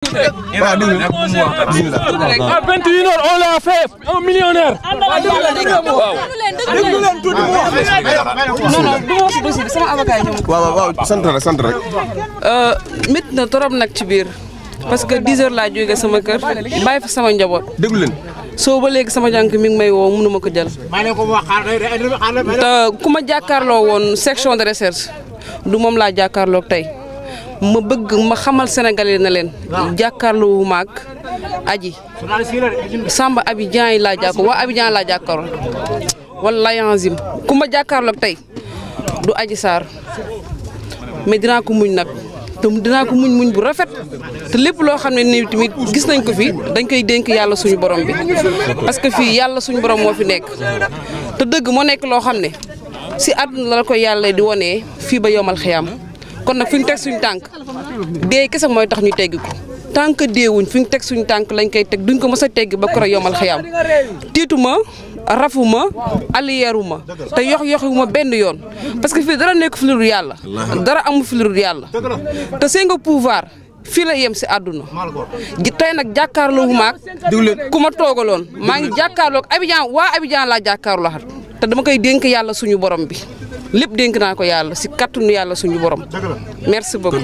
waaw dégg ah, waaw déglu rek sant rek. Euh, métti na trop nag ci biir parce que dix heures laa jógee sama kër bàyyi fa sama njaboot. déglu soo ba léegi sama jànk mi may woo mënu ma ko jël. te ku ma jàkkaarloo woon section de recherche du moom laa jàkkaarloog tey. ma bëgg ma xamal sénégalais na leen jàkkaarloo maag aji samba abidjan yi laa jàkko waa abidjan laa jàkkaarloo wala yanzim ku ma jàkkaarloog tey du aji saar mais dina ko muñ nag te dinaa ko muñ muñ bu rafet te lépp loo xam ne ni tamit gis nañ ko fi dañ koy dénk yàlla suñu borom bi parce que fii yàlla suñu borom moo fi nekk te dëgg moo nekk loo xam ne si àdduna la ko yàlla di wonee fii ba yomal xiyam kon nag fi ñu teg suñu tànk dee kese mooy tax ñu teggi ko tant que deewuñ fi ñu teg suñu tànk lañ koy teg duñ ko mës a teggi ba koro yomal xiyam tiituma rafuma aliyeeruma te yox yoxuma benn yoon parce que fii dara nekk fi lu dul yàlla dara amul fi lu dul yàlla te seen nga pouvoir fii la yem si àdduna tey nag jàkkaarloo wu maag ku ma toogaloon maa ngi jàkkaarloog Abidjan waa Abidjan laa jàkkaarloo te dama koy dénk yàlla suñu borom bi lépp dénk naa ko yàlla si kattanu yàlla suñu borom. merci beaucoup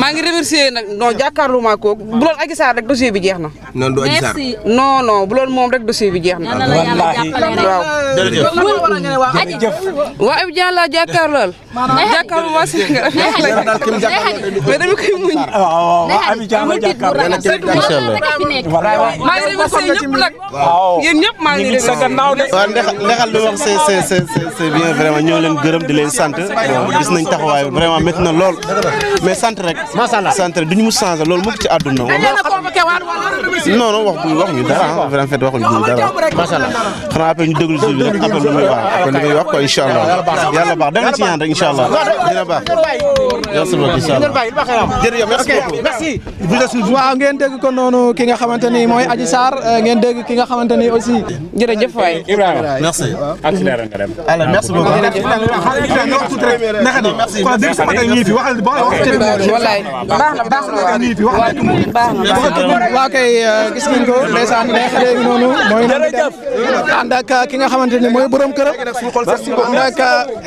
maa ngi remercier nag non jàkkaarloo maa ko bu loolu Adji Sarr bi jeex na. non du Adji Sarr non non bu moom rek dossier bi jeex na. wallaahi waaw. jërëjëf waaw Ibu Diallo jàkkaarlool. jàkkaarloo maa si nekk mais dama koy muñ. waaw waaw maa ngi remercier ñëpp nag. yéen maa ngi remercier. waaw ndax ndax li wax c'est c'est vraiment ñoo gërëm di leen sant gis nañ taxawaay vraiment métti na lool mais sant rek. macha allah sant rek duñu mu changé loolu mukk ci àdduna. non non wax bu wax ñu dara ah vraiment fekk waxuñu duñu dara. macha allah xanaa après ñu déglu si rek après lu muy wax kon li muy wax ko incha allah yàlla baax def na ci ñaan rek incha allah dina baax. merci beaucoup incha allah jërëjëf merci beaucoup merci. waaw ngeen dégg ko noonu ki nga xamante ni mooy Adji Sarr euh, ngeen dégg ki nga xamante ni aussi. jërëjëf waay Ibrahima merci. merci beaucoup. merci waaw dégg sama tey ñii fi waxal ba wallaay baax na baax na waaw ñii fi wax baax na waaw kay gis ngeen ko ndeysaan neex léegi noonu mooy ànd ak ki nga xamante ni mooy borom këram ànd ak